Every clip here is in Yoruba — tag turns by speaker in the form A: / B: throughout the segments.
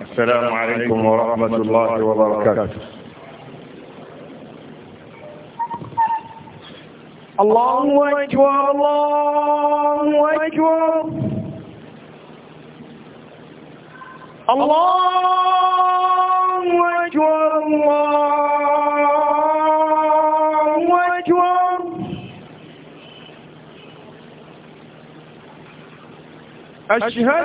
A: السلام عليكم ورحمة الله وبركاته
B: الله أكبر الله أكبر الله أكبر الله أكبر أشهد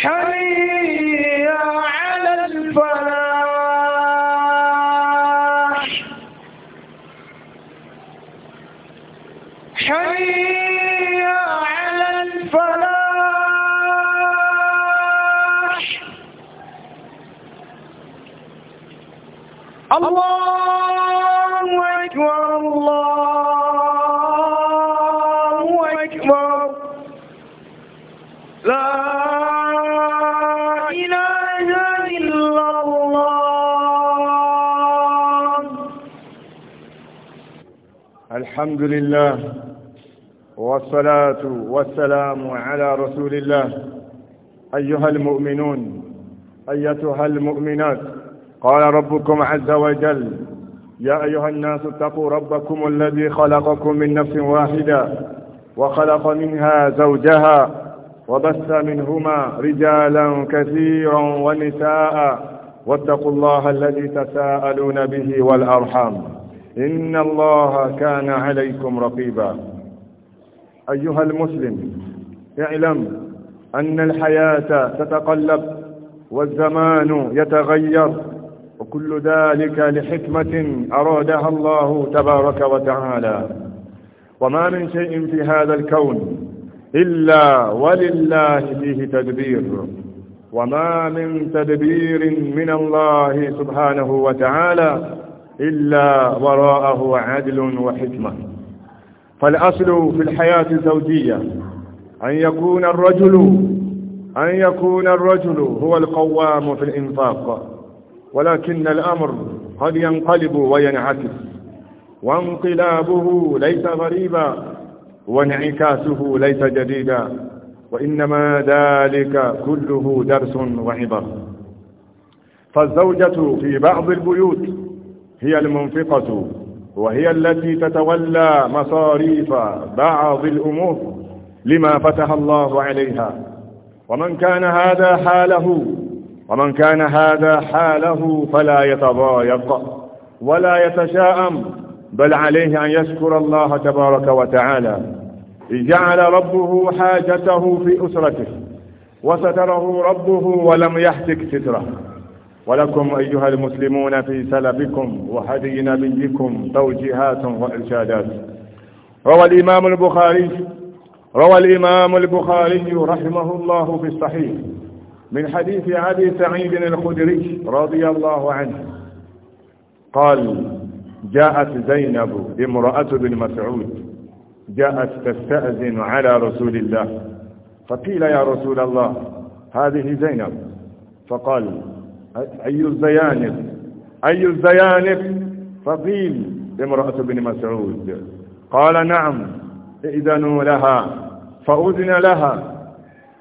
B: حي على الفلاح حي على الفلاح الله
A: الحمد لله والصلاة والسلام على رسول الله أيها المؤمنون أيتها المؤمنات قال ربكم عز وجل يا أيها الناس اتقوا ربكم الذي خلقكم من نفس واحدة وخلق منها زوجها وبث منهما رجالا كثيرا ونساء واتقوا الله الذي تساءلون به والأرحام إن الله كان عليكم رقيبا أيها المسلم اعلم أن الحياة تتقلب والزمان يتغير وكل ذلك لحكمة أرادها الله تبارك وتعالى وما من شيء في هذا الكون إلا ولله فيه تدبير وما من تدبير من الله سبحانه وتعالى إلا وراءه عدل وحكمة فالأصل في الحياة الزوجية أن يكون الرجل أن يكون الرجل هو القوام في الإنفاق ولكن الأمر قد ينقلب وينعكس وانقلابه ليس غريبا وانعكاسه ليس جديدا وإنما ذلك كله درس وعبر فالزوجة في بعض البيوت هي المنفقة وهي التي تتولى مصاريف بعض الأمور لما فتح الله عليها ومن كان هذا حاله ومن كان هذا حاله فلا يتضايق ولا يتشاءم بل عليه أن يشكر الله تبارك وتعالى جعل ربه حاجته في أسرته وستره ربه ولم يحتك ستره ولكم أيها المسلمون في سلفكم وهدي نبيكم توجيهات وإرشادات روى الإمام البخاري روى الإمام البخاري رحمه الله في الصحيح من حديث أبي سعيد الخدري رضي الله عنه قال جاءت زينب امرأة بن مسعود جاءت تستأذن على رسول الله فقيل يا رسول الله هذه زينب فقال أي الزيانف أي الزيانف فقيل امرأة بن مسعود قال نعم ائذنوا لها فأذن لها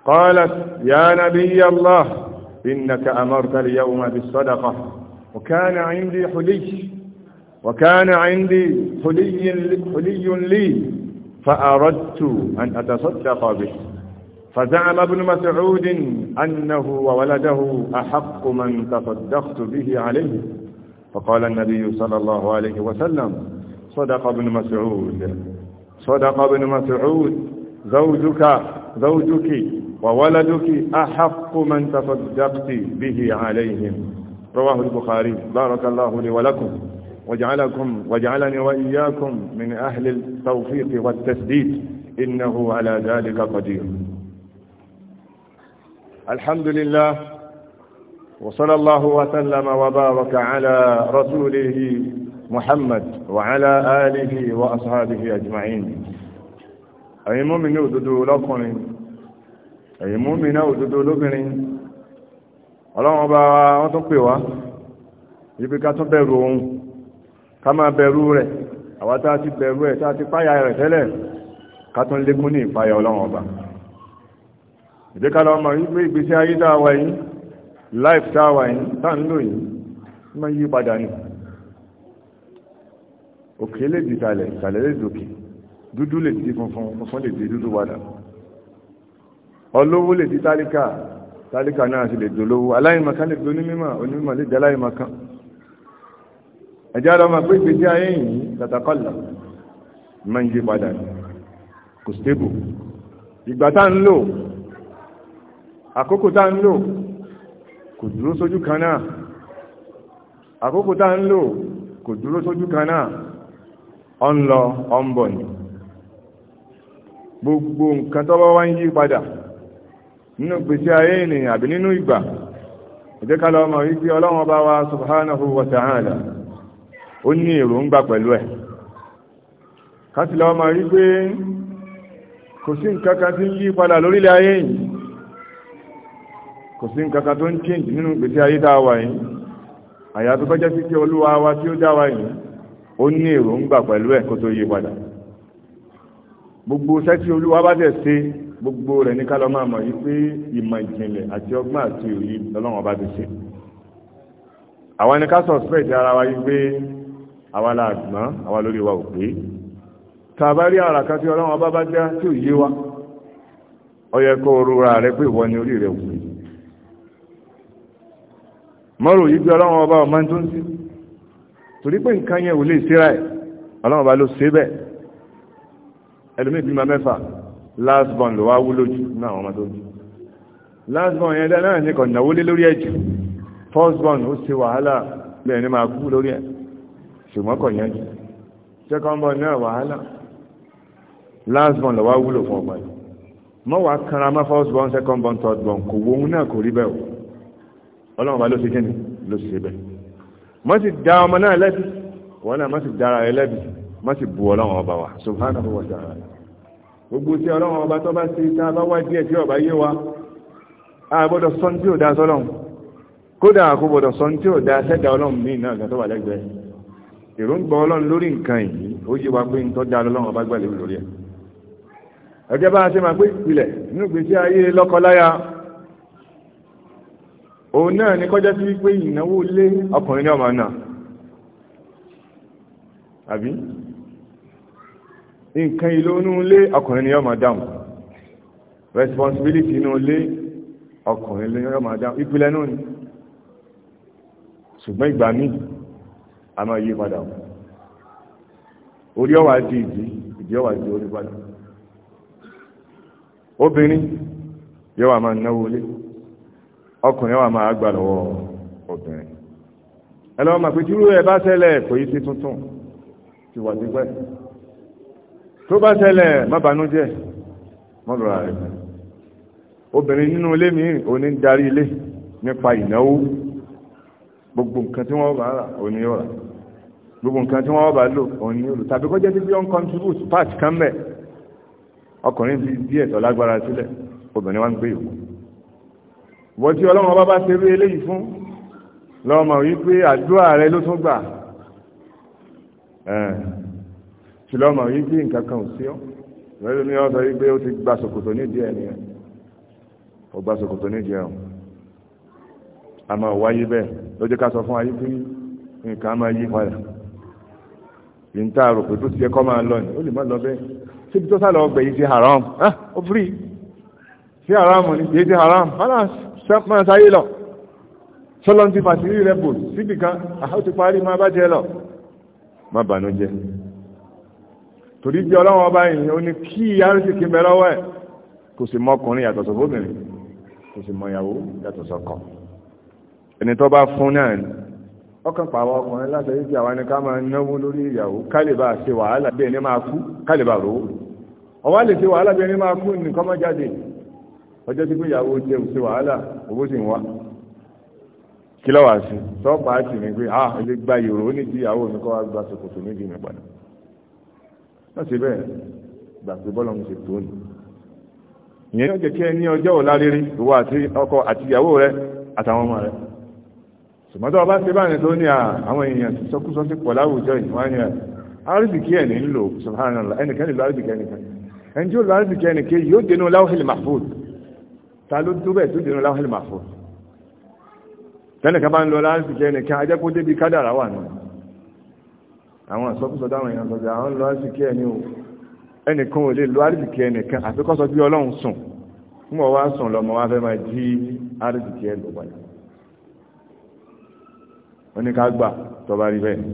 A: قالت يا نبي الله إنك أمرت اليوم بالصدقة وكان عندي حلي وكان عندي حلي, حلي لي فأردت أن أتصدق به فزعم ابن مسعود أنه وولده أحق من تصدقت به عليه فقال النبي صلى الله عليه وسلم صدق ابن مسعود صدق ابن مسعود زوجك زوجك وولدك أحق من تصدقت به عليهم رواه البخاري بارك الله لي ولكم وجعلكم وجعلني وإياكم من أهل التوفيق والتسديد إنه على ذلك قدير الحمد لله وصلى الله وسلم وبارك على رسوله محمد وعلى آله وأصحابه أجمعين أي مؤمن أددو لكم أي مؤمن أددو لكم ọlọ́run ọba wọ́n tún pè wá ibi ká tún bẹ̀rù ohun ká máa bẹ̀rù rẹ̀ àwa tá ti bẹ̀rù ẹ̀ tá ti páyà rẹ̀ tẹ́lẹ̀ ká tún lékún ní ìpáyà ọlọ́run ọba ìdíkàlọ́ ọmọ yìí pé ìgbésí ayé dáwà yìí life dáwà yìí sáńlò yìí ma yí padà ní òkè lè di ìsàlẹ̀ ìsàlẹ̀ lè dòkè dúdú lè di funfun funfun lè di dúdú padà olówó lè di tálíkà tálíkà náà sì lè dolówó aláìmọ̀kan lè di onímọ̀ onímọ̀ lè di aláìmọ̀kan ẹjá lọ máa pé ìgbésí ayé yìí tàtàkọ́là ma yí padà ní kò stable ìgbà tá àkókò tá ń lò kò dúró sójú kan náà àkókò tá ń lò kò dúró sójú kan náà ọ ń lọ ọ ń bọ̀ ní gbogbo nǹkan tó wá ń yí padà nínú gbèsè ayé ènìyàn àbí nínú ìgbà ìdẹ́kàlọ́ ọmọ wípé ọlọ́run ọba wa subhanahu wa ta'ala ó ní èròǹgbà pẹ̀lú ẹ̀ kásìlọ́ ọmọ wípé kò sí nǹkan kan tí ń yí padà lórílẹ̀ ayé yìí kò sí nǹkan kan tó ń change nínú ìgbésí ayé dá wa yìí àyà tó bẹ́jẹ́ sí kí olúwa wa tí ó dá wa yìí ó ní èròǹgbà pẹ̀lú ẹ̀ kó tó yí padà gbogbo iṣẹ́ tí olúwa bá tẹ̀ ṣe gbogbo rẹ̀ ní kálọ́ máa mọ̀ yìí pé ìmọ̀ ìjìnlẹ̀ àti ọgbọ́n àti òye lọ́lọ́wọ́n bá ti ṣe àwọn ẹni ká suspect ara wa yìí pé àwa la gbọ́n àwa lórí wa ò pé tàbá rí ara kan tí ọlọ́wọ́n bá bá já tí ò yé wa ó yẹ kó rúra rẹ pé ìwọ ni orí rẹ ò pé mọ́rò yìí bí ọlọ́run ọba ọmọ tó ń sí torí pé nǹkan yẹn ò lè síra ẹ̀ ọlọ́run ọba ló ṣe bẹ́ẹ̀ ẹlòmíì bímọ mẹ́fà last born ló wá wúlò jù ní ọmọ tó ń sí last born yẹn dáná ní kò náwó lé lórí ẹ̀ jù first born ó ṣe wàhálà lẹ́yìn ní máa kú lórí ẹ̀ ṣùgbọ́n kò yẹn jù second born náà wàhálà last born ló wá wúlò fún ọgbà yìí mọ́ wàá kanra mọ́ first born second born third born kò wo òun náà kò rí bẹ́ẹ̀ o ọlọ́run bá ló ṣe kíni ló ṣe bẹ́ẹ̀ má sì dá ọmọ náà lẹ́bi wọn náà má sì dára rẹ lẹ́bi má sì bu ọlọ́run ọba wa subhanahu wa ta'ala gbogbo tí ọlọ́run ọba tó bá ṣe tá a bá wá díẹ̀ tí ọba yé wa a gbọ́dọ̀ sọ́n tí ò dá sọ́lọ́run kódà kó gbọ́dọ̀ sọ́n tí ò dá sẹ́dá ọlọ́run ní ìná àgbà tó wà lẹ́gbẹ̀ẹ́ èròǹgbà ọlọ́run lórí nǹkan yìí ó yé wa pé nǹkan òun náà ní kọjá sí wípé ìnáwó lé ọkùnrin ní ọmọ náà àbí nǹkan ìlò inú ọkùnrin ní ọmọ dáhùn responsibility inú ilé ọkùnrin ní ọmọ dáhùn ìpìlẹ̀ náà ni ṣùgbọ́n ìgbà míì a máa yí padà wọ́n orí ọwà di ìdí ìdí ọwà di orí padà obìnrin yóò wà máa náwó lé ọkùnrin wa máa gbà lọ́wọ́ obìnrin ẹlọ́wọ́ máa pẹ̀tírú ẹ bá ṣẹlẹ̀ kò yí sí tuntun ti wà dípẹ́ tó bá ṣẹlẹ̀ má banújẹ́ mọ́lọ́ra rẹ̀ obìnrin nínú ilé mi òní ń darí ilé nípa ìnáwó gbogbo nǹkan tí wọ́n bá rà òní yóò rà gbogbo nǹkan tí wọ́n bá lò òní yóò lò tàbí kó jẹ́ títí ó contribute part kan bẹ̀ ọkùnrin fi díẹ̀ tó sílẹ̀ obìnrin wa ń gbé yòókù wọ́n tí ọlọ́run ọba bá ṣe rí eléyìí fún lọ́mọ wípé àdúrà rẹ ló tún gbà ṣì lọ́mọ wípé nǹkan kan ò sí ọ́ lọ́dún ní wọ́n sọ wípé ó ti gba ṣòkòtò nídìí ẹ̀ nìyẹn ó gba ṣòkòtò nídìí ẹ̀ a máa wáyé bẹ́ẹ̀ ló jẹ́ ká sọ fún ayé pé nǹkan máa yí padà yìí ń tààrò pé tó ti yẹ kọ́ máa lọ ni ó lè má lọ bẹ́ẹ̀ síbi tó sá lọ gbẹ̀yìn ti haram ó firi sí haram ni kì í ti haram balance sẹ́pọ̀n sáyé lọ sọ́lọ́n ti fàṣírí rẹ̀ bò síbì kan àwọn ti parí máa bá jẹ lọ má bànú jẹ torí bí ọlọ́wọ́ ọba yìí ó ní kí arúsì kí bẹ lọ́wọ́ ẹ̀ kò sì mọ ọkùnrin yàtọ̀ sọ́fóbìnrin kò sì mọ ìyàwó yàtọ̀ sọ́kọ ẹni tó bá ni ọkàn pàwọ ọkùnrin láti ẹ̀yí tí àwọn ẹni kú ìyàwó jẹun ṣe wàhálà owó sì ń wá kí lọ́wọ́ àṣì sọ́ọ̀pù àti mi pé ah ilé gba ìrò ó ní ti ìyàwó mi kọ́ wá gba ṣòkòtò méjì mi padà wọ́n ṣe bẹ́ẹ̀ gbà pé bọ́lá mi ṣe tó ní ìyẹn ní ọjọ́ kí ẹ ní ọjọ́ ọ̀la rírí ìwọ àti ọkọ àti ìyàwó rẹ àtàwọn ọmọ rẹ ṣùgbọ́n tó o bá ṣe báyìí tó ní àwọn èèyàn sọkúsọ sí pọ̀ láwùjọ ìwọ́n yẹn ẹ̀ ta ló tó bẹ́ẹ̀ tó dènà láwọn ìlmàfò tẹ́nìkan bá ń lọ láti jẹ́ ẹnìkan ajẹ́kó débi kádàrà wà náà àwọn àsọkúsọ dáwọn èèyàn sọjà àwọn lọ láti kí ẹni o ẹnìkan ò lè lọ láti kí ẹnìkan àfikọ́ sọ bí ọlọ́run sùn mọ̀ wá sùn lọ́mọ wá fẹ́ máa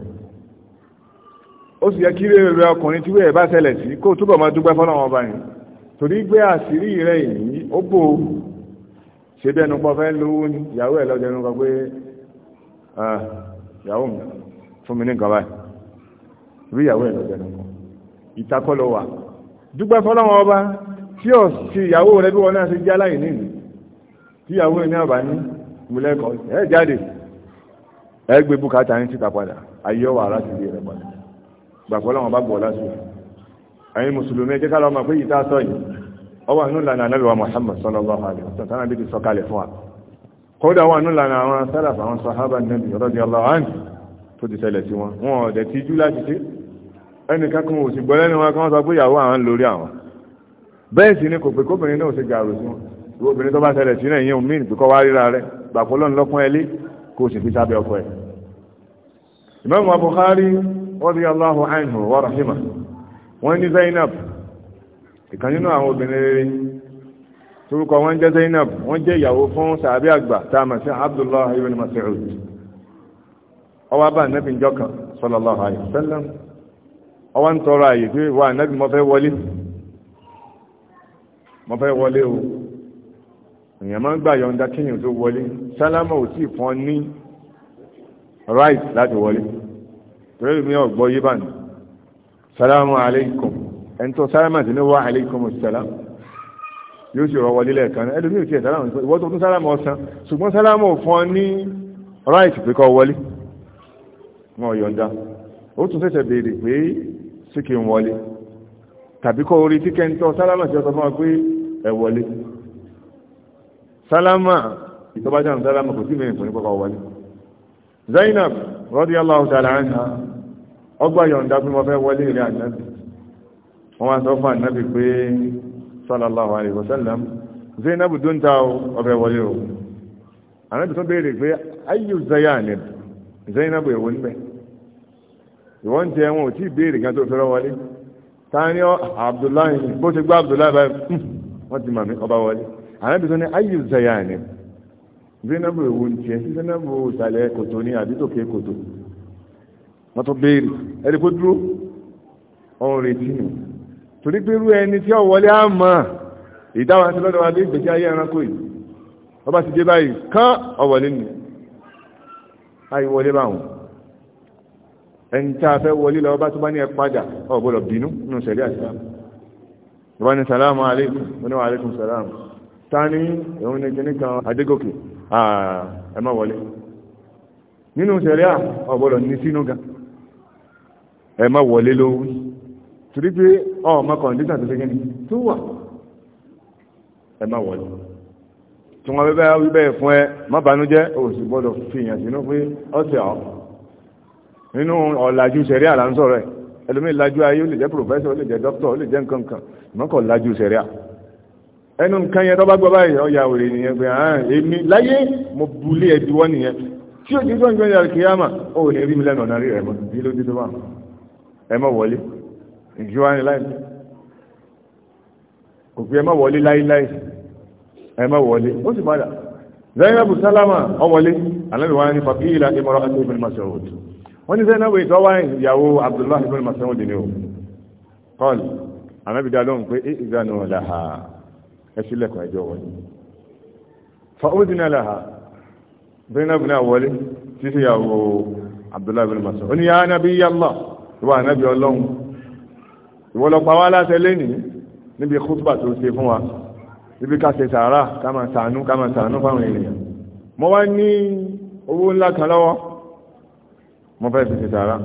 A: ó sì yẹ kí rẹ̀ ọkùnrin tí wẹ́ẹ̀ bá ṣẹlẹ̀ sí kó túbọ̀ máa dúpẹ́ fọ́lọ́wọ́n ọba yìí torí gbé àṣírí rẹ̀ yìí ó bò ó ṣe bí ẹnu pọ̀ fẹ́ lówó ní ìyàwó ẹ̀ lọ́jọ́ ẹnu kan pé ìyàwó mi fún mi ní nǹkan báyìí rí ìyàwó ẹ̀ lọ́jọ́ ẹnu kan ìtakọ́ lọ wà dúpẹ́ fọlọ́wọn ọba tí ò sí ìyàwó rẹ bí wọn náà ṣe jẹ́ aláìní ìlú tí ìyàwó ẹ̀ ní àbá ní múlẹ́kọ̀ọ́ ẹ̀ jáde ẹ̀ gbé bùkátà yín síta padà ayé ọwà aláṣìírí rẹ̀ padà gbàgbọ́ lọ́wọ́n bá gbọ́ lásìkò ẹ̀yin mùsùlùmí ẹjẹ́ ká lọ mọ̀ pé yìí tá a sọ yìí ọ wà nínú ìlànà ànábì wa Muhammad sallallahu alaihi wasallam tánà bí ti sọ kalẹ̀ fún wa kódà wà nínú ìlànà àwọn sálàfà àwọn sahaba nàbì radiyallahu anhu tó ti ṣẹlẹ̀ sí wọn wọn ọ̀dẹ̀ ti jú láti ṣe ẹnì kankan ò sì gbọ́ lẹ́nu wọn kí wọ́n sọ kò sì gàrò sí wọn ìwọ obìnrin tó bá ṣẹlẹ̀ sí náà ìyẹn omi ìpínkọ́ wọ́n ní Zainab ìkan nínú àwọn obìnrin rere torúkọ wọn jẹ́ Zainab wọ́n jẹ́ ìyàwó fún sàbí àgbà tá a mọ̀ sí Abdullah ibn Mas'ud ọwọ́ bá nẹ́bí ń jọ́kan sallallahu alaihi wasallam ọwọ́ ń tọrọ àyè pé wà nẹ́bí mo fẹ́ wọlé mo fẹ́ wọlé o èèyàn máa ń gbà yọ̀ǹda kíyàn tó wọlé sálámà ò sì fọ́n ní right láti wọlé torí mi ò gbọ́ yé salamu alaikum ẹni tó sálámà sí ní wá alaikum salam yóò sì rọwọ́ lílẹ̀ kan ẹni mi ò tiẹ̀ sálámà ìwọ́n tó tún sálámà ọ̀sán ṣùgbọ́n sálámà ò fún ọ ní right pé kọ́ wọlé wọn yọ̀ǹda ó tún ṣẹ̀ṣẹ̀ béèrè pé sí kí n wọlé tàbí kọ́ orí tí kẹ́ńtọ́ sálámà sí ọ̀sán fún wa pé ẹ wọlé sálámà ìtọ́bájà sálámà kò sí mẹ́rin fún ní kọ́kọ́ wọlé Zainab radiyallahu ta'ala anha ọgbà yọ̀ǹda fún ọfẹ́ wọlé rẹ̀ ànábì wọ́n wá sọ fún pé zainabu tó ń ta ọfẹ́ wọlé o ànábì tó béèrè pé ayyu zayanib zainabu èwo níbẹ̀ ìwọ́n ti ẹ̀wọ̀n ò tí ì béèrè kan tó fẹ́ràn wọlé ọ abdullahi bó ti gbá abdullahi hmm, wọ́n ti màmí ọba wọlé tó ní èwo ń tiẹ̀ wọ́n tún béèrè ẹni kó dúró ọ̀hún retí nù torí pé irú ẹni tí ọ̀wọ́lé á mọ̀ ìdáwọn àti lọ́dọ̀ wa dé ìgbésí ayé ẹranko yìí wọ́n bá ti dé báyìí kán ọ̀wọ́lé nù ayé wọlé báwọn ẹni tá a fẹ́ wọlé lọ bá tó bá ní ẹ padà ọ̀ gbọ́dọ̀ bínú nù sẹ̀rí àti ìwà ni sàlámù alaikum oníwà alaikum sàlámù tani òun ni kìíní kan adégòkè ẹ má wọlé nínú sẹ̀rí à ọ̀ gbọ́dọ̀ ní sínú gan-an ẹ má wọlé lówí torí pé ọmọ kọ̀ǹdíṣà tó fẹ́kẹ́ ni tó wà ẹ má wọlé tí wọ́n bẹ́ẹ̀ wí bẹ́ẹ̀ fún ẹ má banújẹ́ òsì gbọ́dọ̀ fi èèyàn sínú pé ọ̀sẹ̀ ọ̀ nínú ọ̀làjú sẹ̀rí àlà ń sọ̀rọ̀ ẹ̀ ẹlòmíì lajú ayé ó lè jẹ́ pòfẹ́sọ̀ ó lè jẹ́ dókítà ó lè jẹ́ nǹkan kan mọ́kọ̀ lajú sẹ̀rí à ẹnu nǹkan yẹn tó bá gbọ́ báyìí ọ̀yà òrè nìyẹn pé àán èmi láyé mo bulé ẹ̀díwọ́ nìyẹn tí ó ti sọ́njọ́ yàrá kìyàmà ó lè rí mi lẹ́nu ọ̀nà rí rẹ̀ mọ́ bí ló dé tó bá ẹ má wọlé ìjú wá ní láìsí kò pé ẹ má wọlé láíláì ẹ má wọlé ó sì padà Zainabu Salama ọwọlé alẹ́nu wá ní fàkíyìlá ìmọ̀ràn àti ibn Mas'ud wọ́n ní Zainabu ìtọ́ wá ìyàwó Abdullahi ibn Mas'ud ni o kọ́ọ̀lù anábìdá lóhùn pé ìgbànú làhà ẹ sílẹ̀kùn ẹjọ́ wọlé fa'udina laha Zainabu náà wọlé títí ìyàwó Abdullahi ibn Mas'ud ó ní yá Nabiyallah ìwà ànábì ọlọ́run ìwọ lọ pa wá láṣẹ lẹ́nìí níbi kútùbà tó ṣe fún wa níbi ká ṣe sàárà ká máa ṣàánú ká máa ṣàánú fáwọn èèyàn mo wá ní owó ńlá kan lọ́wọ́ mo fẹ́ fi ṣe sàárà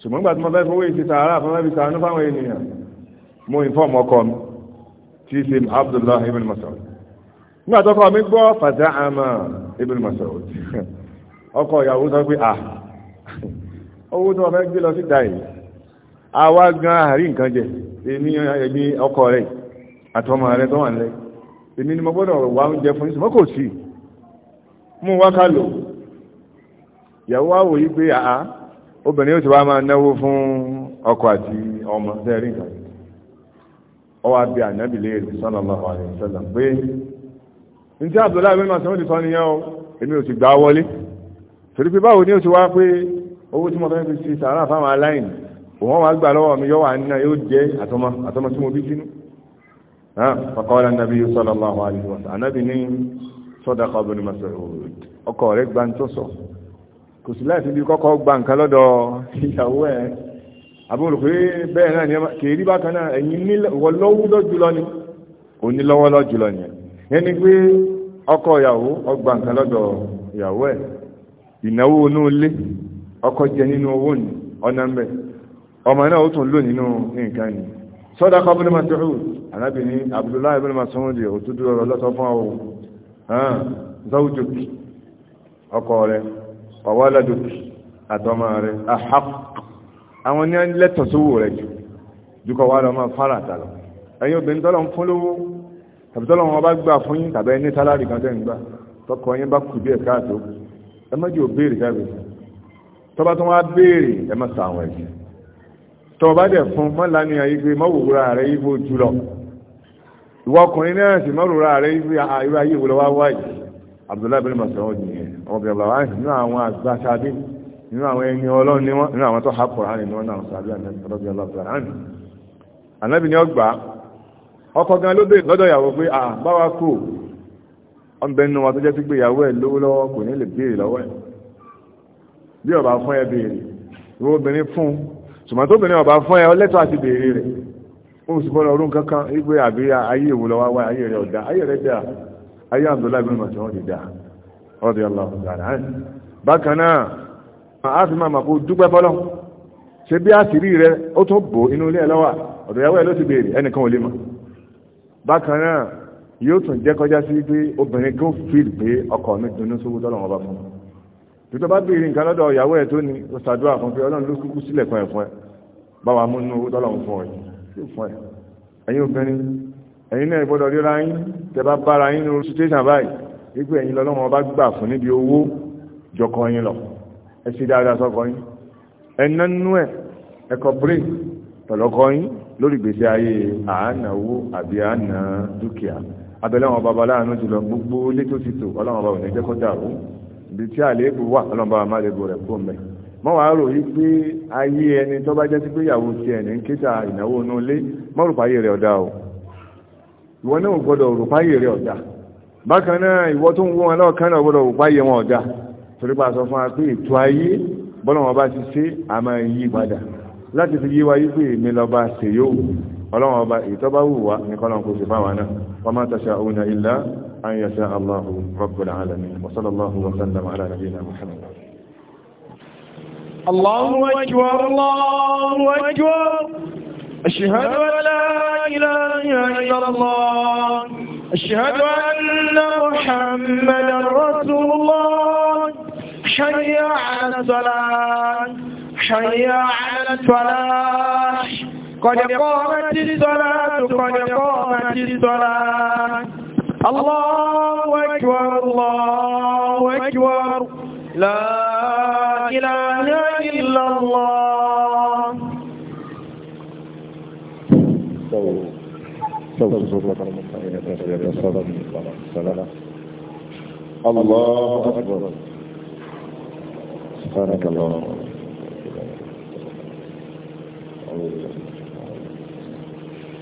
A: ṣùgbọ́n gbàtí mo fẹ́ fowó ìṣe sàárà fún fẹ́ fi ṣàánú fáwọn èèyàn mo ìfọ́ọ̀mù ọkọ mi tí í ṣe Abdullahi ibn Masoud. nígbà tó kọ́ mi gbọ́ fàtà àmà ibn Masoud. ọkọ ìyàwó sọ pé ah owó tó wọ́n fẹ́ gbé lọ sí dáì àwa gan àárín nǹkan jẹ èmi ẹ̀mí ọkọ rẹ̀ àtọmọ rẹ̀ tó wà ń lẹ̀ èmi ni mo gbọ́dọ̀ wá oúnjẹ fún ìsìnkú kò sí mú wá ká lò ìyàwó wa wòye pé àá obìnrin yóò ti wá máa náwó fún ọkọ àti ọmọ tẹ́rí nǹkan ọwọ́ àbí ànábì léèrè sallallahu alaihi wasallam pé n tí Abdullahi bin Mas'ud ti sọ nìyẹn o èmi ò sì gbà wọlé torí pé báwo ni ó ti wá pé owó tí mo fẹ́ fi ṣe sàárà fáwọn aláìní òun wá gbà lọ́wọ́ mi yọ́wà nínú yóò jẹ́ àtọmọ àtọmọ tí mo bí sínú faqala an-nabiyyu sallallahu alaihi wa sallam anábì ní sadaqa ibn Mas'ud ọkọ rẹ̀ gba ń tó sọ kò sí láti bí kọ́kọ́ gba nǹkan lọ́dọ̀ ìyàwó ẹ̀ àbúrò pé bẹ́ẹ̀ náà ni kìí rí bákan náà ẹ̀yìn ìnáwó onú ilé ọkọ̀ jẹ nínú owó ní ọ̀nà mẹ́ ọmọ náà ó tún lò nínú nǹkan ni sọ́dá kọ́bùn Mas'ud arábìnrin Abdullahi ibn Mas'ud di òtútù ọ̀rọ̀ lọ́sọ fún ọ zawjuk ọkọ rẹ ọwọ́lẹ́dùk àtọmọ rẹ ahaq àwọn ní lẹ́tọ̀ sówó rẹ jù dúkọ̀ wà lọ́mọ fara àtàlọ́ ẹ̀yin obìnrin tọ́lọ̀ ń fún lówó tàbí tọ́lọ̀ wọn bá gbà fún yín tàbí ẹni sálárì kan tẹ́ ń gbà tọkọ bá kù díẹ̀ káàtó ẹ mọ́jú òbéèrè káàbẹ̀sẹ̀ tọba tó wá béèrè ẹ má sa àwọn ẹ̀jẹ̀ tọba dẹ̀ fún mọ́ lánìí ayé pé mọ́ wòwúra rẹ̀ ibo jùlọ ìwọ ọkùnrin náà sì mọ́ wòwúra rẹ̀ ah, ibo ayé ayé ìwòlọ́ wá wáyé Abdullahi bin Mas'ud nìyẹn ọmọ bìnrin bàbá wáyé nínú àwọn àgbà sábẹ́ nínú àwọn ẹni ọlọ́run ni wọ́n nínú àwọn tó ha Kùránì hàn ní wọ́n náà sábẹ́ ànábì ọlọ́run hàn ànábì ni ọgbà ọkọ gan ló béèrè lọ́dọ̀ ìyàwó pé à ah, báwa kú ọ̀nbẹ́ni wa tó jẹ́ sí pé ìyàwó ẹ̀ lówó lọ́wọ́ kò ní lè béèrè lọ́wọ́ ẹ̀ bí ọba fún ẹ béèrè ìwọ obìnrin fún ṣùgbọ́n tó obìnrin ọba fún ẹ ọlẹ́tọ̀ àti béèrè rẹ̀ ó sì bọ́lá ọdún kankan wípé àbí ayé ìwò lọ wáwá ayé rẹ̀ ọ̀dá ayé rẹ̀ dá ayé Abdullahi bin Mas'ud dá ọdí Allahu ta'ala bákan náà a fi máa màkó dúpẹ́ bọ́lọ́ ṣe bí àṣírí rẹ̀ ó tó bò inú ilé ẹlọ́wà ọ̀dọ̀ ìyàwó ẹ̀ ló ti béèrè ẹnìkan ò lè mọ̀ bákan náà yóò tún jẹ́ kọjá sí pé obìnrin kan fìl pé ọkọ mi dunú sówó tọ́lọ̀ wọn bá fún un tó bá bèèrè nǹkan lọ́dọ̀ ìyàwó ẹ̀ tó ní ó ṣàdúrà fún pé ọlọ́run ló kúkú sílẹ̀ fún ẹ̀ fún ẹ̀ bá wa mú inú owó tọ́lọ́run fún ẹ̀ yóò fún ẹ̀ ẹ̀yin obìnrin ẹ̀yin náà gbọ́dọ̀ ríra yín tẹ́ bá bára yín ní situation báyìí wípé ẹ̀yin lọ́lọ́run ọba gbà fún níbi owó jọkọ yín lọ ẹ ṣe dáadáa sọkọ yín ẹ̀nà nú ẹ̀ ẹ̀kọ́ break tọ̀lọ́kọ yín lórí ìgbésí ayé àánà owó àbí àánà dúkìá abẹ́lẹ́wọ̀n babaláàánú jùlọ gbogbo létòsítò ọlọ́run ọba dàrú ibi tí àléébù wà ọlọ́mọba wa má lébo rẹ̀ kó mẹ́ mọ́ wàá rò yí pé ayé ẹni tó bá jẹ́ sí pé ìyàwó ti ẹ̀ní ń kíta ìnáwó inú ilé mọ́ rùpáyé rẹ̀ ọ̀dà o ìwọ náà gbọ́dọ̀ rùpáyé rẹ̀ ọ̀dà bákan náà ìwọ tó ń wọ́n wọn lọ́ọ̀kan náà gbọ́dọ̀ rùpáyé wọn ọ̀dà torí pa sọ fún wa pé ètò ayé bọ́lọ́wọ́n bá ti ṣe a máa yí padà láti fi yí wa yí pé èmi lọ́ba ṣèyó ọlọ́wọ́n ọba ìtọ́bá wù wá ní kọ́lọ́n kò fáwọn náà wọ́n má tàṣà òun náà ilá أن يشاء الله رب العالمين وصلى الله وسلم على نبينا محمد
B: الله أكبر الله أكبر
A: أشهد أن
B: لا إله إلا الله أشهد أن محمدا رسول الله حي على الصلاة حي على الصلاه
A: قد قامت الصلاة
B: قد قامت الصلاة الله أكبر الله أكبر لا إله إلا الله
A: الله أكبر سبحانك اللهم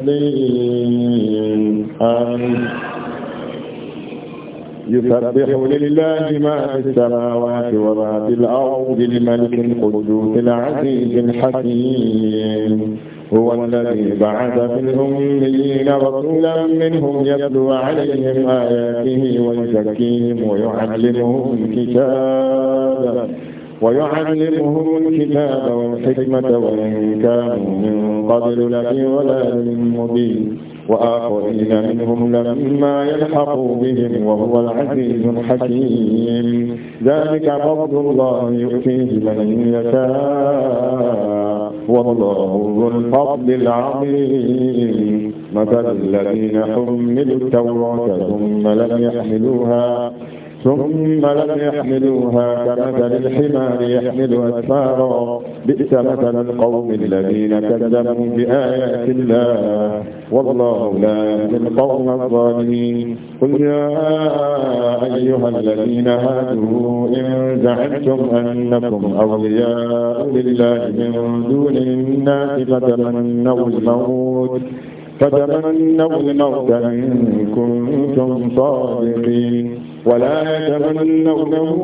A: المصلين يسبح لله ما في السماوات وما في الأرض الملك القدوس العزيز الحكيم هو الذي بعث في الأميين رسولا منهم يتلو عليهم آياته ويزكيهم ويعلمهم كتابا ويعلمهم الكتاب والحكمة وإن كانوا من قبل لفي ضلال مبين وآخرين منهم لما يلحقوا بهم وهو العزيز الحكيم ذلك فضل الله يؤتيه من يشاء والله ذو الفضل العظيم مثل الذين حملوا التوراة ثم لم يحملوها ثم لم يحملوها كمثل الحمار يحمل أسفارا بئس مثل القوم الذين كذبوا بآيات الله والله لا يهدي القوم الظالمين قل يا أيها الذين هادوا إن زعمتم أنكم أولياء لله من دون الناس فتمنوا الموت
B: فتمنوا الموت إن
A: كنتم صادقين ولا يتمنونه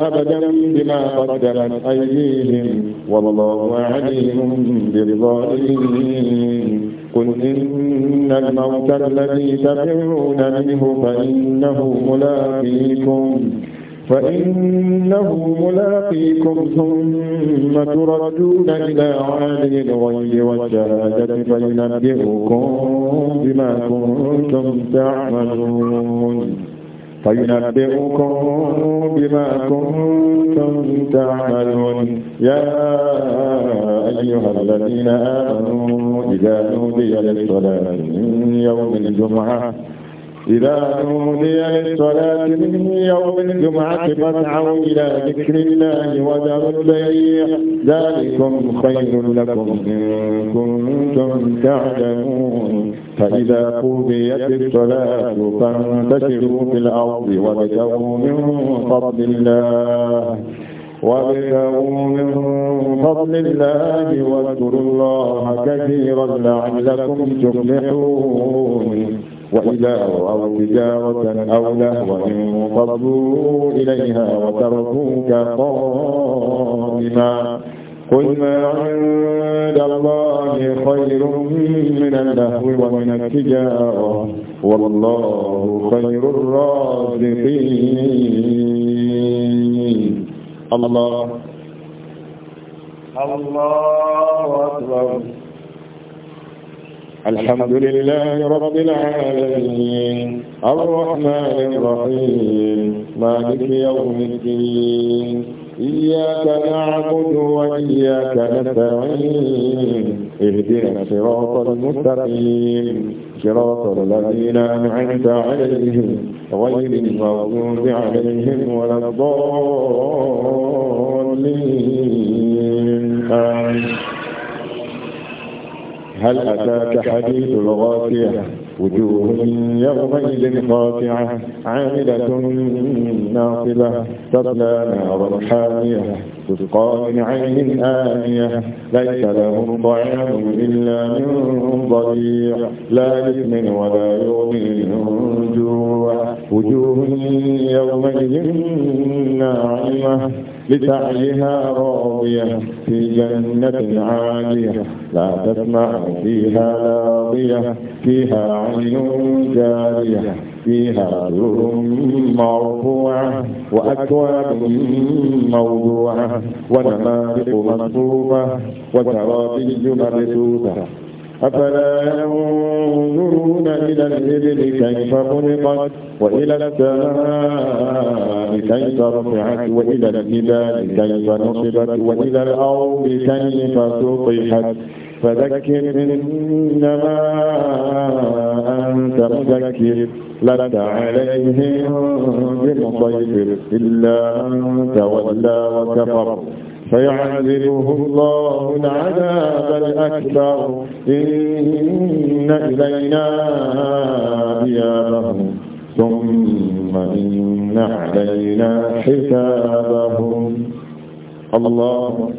A: أبدا بما قدمت أيديهم والله عليم بالظالمين قل إن الموت الذي تفرون منه فإنه ملاقيكم فإنه ملاقيكم ثم تردون إلى عالم الغيب والشهادة فينبئكم بما كنتم تعملون فينبئكم بما كنتم تعملون يا أيها الذين آمنوا إذا نودي للصلاة من يوم الجمعة إذا نودي للصلاة من يوم الجمعة فاسعوا إلى ذكر الله وذروا البيع ذلكم خير لكم إن كنتم تعلمون فإذا قضيت الصلاة فانتشروا في الأرض وابتغوا من فضل الله وابتغوا من فضل الله واذكروا الله كثيرا لعلكم تفلحون وإلى أو تجارة أو لهوة انفضوا إليها وتركوك قائما قل ما عند الله خير من اللهو ومن التجارة والله خير الرازقين الله الله أكبر الحمد لله رب العالمين الرحمن الرحيم مالك يوم الدين إياك نعبد وإياك نستعين اهدنا صراط المستقيم صراط الذين أنعمت عليهم غير المغضوب عليهم ولا الضالين آمين هل أتاك حديث الغاشية وجوه يومئذ خاطعة عاملة ناصبة تصلى نارا حامية تسقى من عين آنية ليس لهم طعام إلا من ضريع لا إثم ولا يغني من جوع وجوه يومئذ ناعمة لسعيها راضية في جنة عالية لا تسمع فيها لاضية فيها عين جارية فيها سرر مرفوعة وأكواب موضوعة ونمارق مصفوفة وزرابي مردودة
B: أفلا
A: ينظرون إلى الإبل كيف خلقت وإلى السماء كيف رفعت وإلى الجبال كيف نصبت وإلى الأرض كيف سطحت فذكر إنما أنت مذكر لك عليهم بمسيطر إلا أن تولى وكفر فيعذبه الله العذاب الأكبر إن إلينا إيابهم ثم إن علينا حسابهم الله